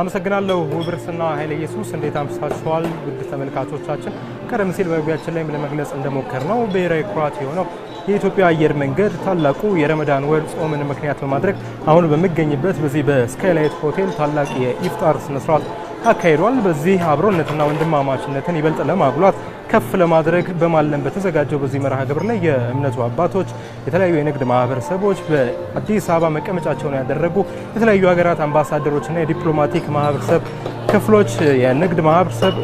አመሰግናለሁ ውብርስና ኃይለ ኢየሱስ። እንዴት አምሳችኋል ውድ ተመልካቾቻችን? ቀደም ሲል በጉያችን ላይም ለመግለጽ እንደሞከር ነው ብሔራዊ ኩራት የሆነው የኢትዮጵያ አየር መንገድ ታላቁ የረመዳን ወር ጾምን ምክንያት በማድረግ አሁን በሚገኝበት በዚህ በስካይላይት ሆቴል ታላቅ የኢፍጣር ስነስርዓት አካሂዷል። በዚህ አብሮነትና ወንድማማችነትን ይበልጥ ለማጉላት ከፍ ለማድረግ በማለም በተዘጋጀው በዚህ መርሃ ግብር ላይ የእምነቱ አባቶች፣ የተለያዩ የንግድ ማህበረሰቦች፣ በአዲስ አበባ መቀመጫቸውን ያደረጉ የተለያዩ ሀገራት አምባሳደሮችና የዲፕሎማቲክ ማህበረሰብ ክፍሎች፣ የንግድ ማህበረሰብ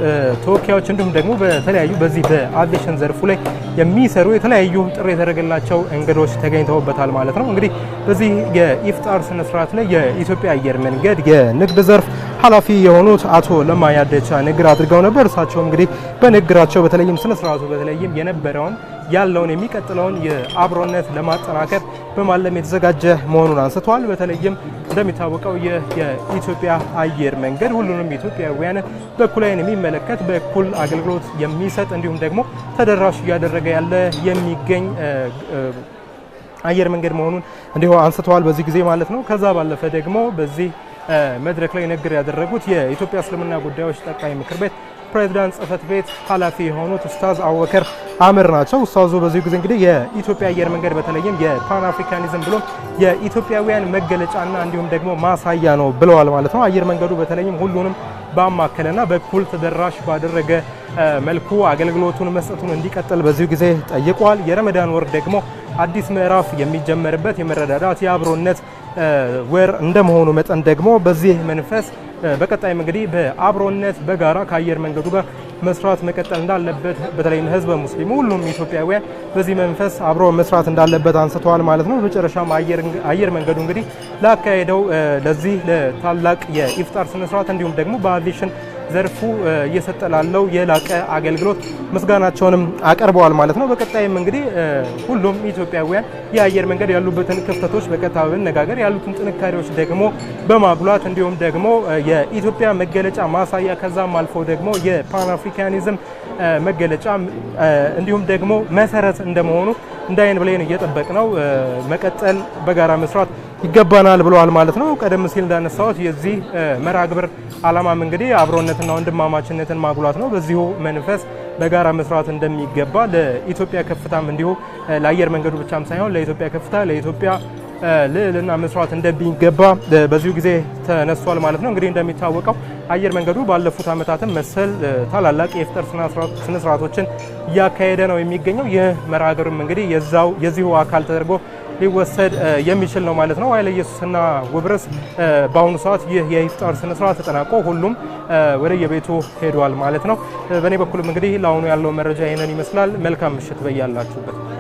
ተወካዮች እንዲሁም ደግሞ በተለያዩ በዚህ በአቪዬሽን ዘርፉ ላይ የሚሰሩ የተለያዩ ጥሪ የተደረገላቸው እንግዶች ተገኝተውበታል ማለት ነው። እንግዲህ በዚህ የኢፍጣር ስነስርዓት ላይ የኢትዮጵያ አየር መንገድ የንግድ ዘርፍ ኃላፊ የሆኑት አቶ ለማ ያደቻ ንግግር አድርገው ነበር። እሳቸው እንግዲህ በንግግራቸው በተለይም ስነ ስርዓቱ በተለይም የነበረውን ያለውን የሚቀጥለውን የአብሮነት ለማጠናከር በማለም የተዘጋጀ መሆኑን አንስተዋል። በተለይም እንደሚታወቀው የኢትዮጵያ አየር መንገድ ሁሉንም ኢትዮጵያውያን በኩል የሚመለከት በኩል አገልግሎት የሚሰጥ እንዲሁም ደግሞ ተደራሽ እያደረገ ያለ የሚገኝ አየር መንገድ መሆኑን እንዲሁ አንስተዋል። በዚህ ጊዜ ማለት ነው። ከዛ ባለፈ ደግሞ በዚህ መድረክ ላይ ንግግር ያደረጉት የኢትዮጵያ እስልምና ጉዳዮች ጠቅላይ ምክር ቤት ፕሬዚዳንት ጽህፈት ቤት ኃላፊ የሆኑት ኡስታዝ አቡበከር አምር ናቸው። ኡስታዙ በዚሁ ጊዜ እንግዲህ የኢትዮጵያ አየር መንገድ በተለይም የፓን አፍሪካኒዝም ብሎ የኢትዮጵያውያን መገለጫና እንዲሁም ደግሞ ማሳያ ነው ብለዋል ማለት ነው። አየር መንገዱ በተለይም ሁሉንም ባማከለና በኩል ተደራሽ ባደረገ መልኩ አገልግሎቱን መስጠቱን እንዲቀጥል በዚሁ ጊዜ ጠይቋል። የረመዳን ወር ደግሞ አዲስ ምዕራፍ የሚጀመርበት የመረዳዳት የአብሮነት ወር እንደመሆኑ መጠን ደግሞ በዚህ መንፈስ በቀጣይም እንግዲህ በአብሮነት በጋራ ከአየር መንገዱ ጋር መስራት መቀጠል እንዳለበት በተለይም ህዝበ ሙስሊሙ ሁሉም ኢትዮጵያውያን በዚህ መንፈስ አብሮ መስራት እንዳለበት አንስተዋል ማለት ነው። መጨረሻም አየር መንገዱ እንግዲህ ላካሄደው ለዚህ ለታላቅ የኢፍጣር ስነስርዓት እንዲሁም ደግሞ በአቪሽን ዘርፉ እየሰጠ ላለው የላቀ አገልግሎት ምስጋናቸውንም አቀርበዋል ማለት ነው። በቀጣይም እንግዲህ ሁሉም ኢትዮጵያውያን የአየር መንገድ ያሉበትን ክፍተቶች በቀጥታ በመነጋገር ያሉትን ጥንካሬዎች ደግሞ በማጉላት እንዲሁም ደግሞ የኢትዮጵያ መገለጫ ማሳያ ከዛም አልፎ ደግሞ የፓን አፍሪካኒዝም መገለጫ እንዲሁም ደግሞ መሰረት እንደመሆኑ እንዳይን ብለን እየጠበቅ ነው መቀጠል በጋራ መስራት ይገባናል ብለዋል ማለት ነው። ቀደም ሲል እንዳነሳሁት የዚህ መርሃ ግብር ዓላማም እንግዲህ አብሮነትና ወንድማማችነትን ማጉላት ነው። በዚሁ መንፈስ በጋራ መስራት እንደሚገባ ለኢትዮጵያ ከፍታም እንዲሁ ለአየር መንገዱ ብቻም ሳይሆን ለኢትዮጵያ ከፍታ ለኢትዮጵያ ልዕልና መስራት እንደሚገባ በዚሁ ጊዜ ተነስቷል ማለት ነው። እንግዲህ እንደሚታወቀው አየር መንገዱ ባለፉት ዓመታትም መሰል ታላላቅ የፍጠር ስነስርዓቶችን እያካሄደ ነው የሚገኘው። ይህ መርሃ ግብርም እንግዲህ የዚሁ አካል ተደርጎ ሊወሰድ የሚችል ነው ማለት ነው። ኃይለ ኢየሱስና ውብርስ በአሁኑ ሰዓት ይህ የኢፍጣር ስነ ስርዓት ተጠናቆ ሁሉም ወደ የቤቱ ሄዷል ማለት ነው። በእኔ በኩልም እንግዲህ ለአሁኑ ያለው መረጃ ይህንን ይመስላል። መልካም ምሽት በያላችሁበት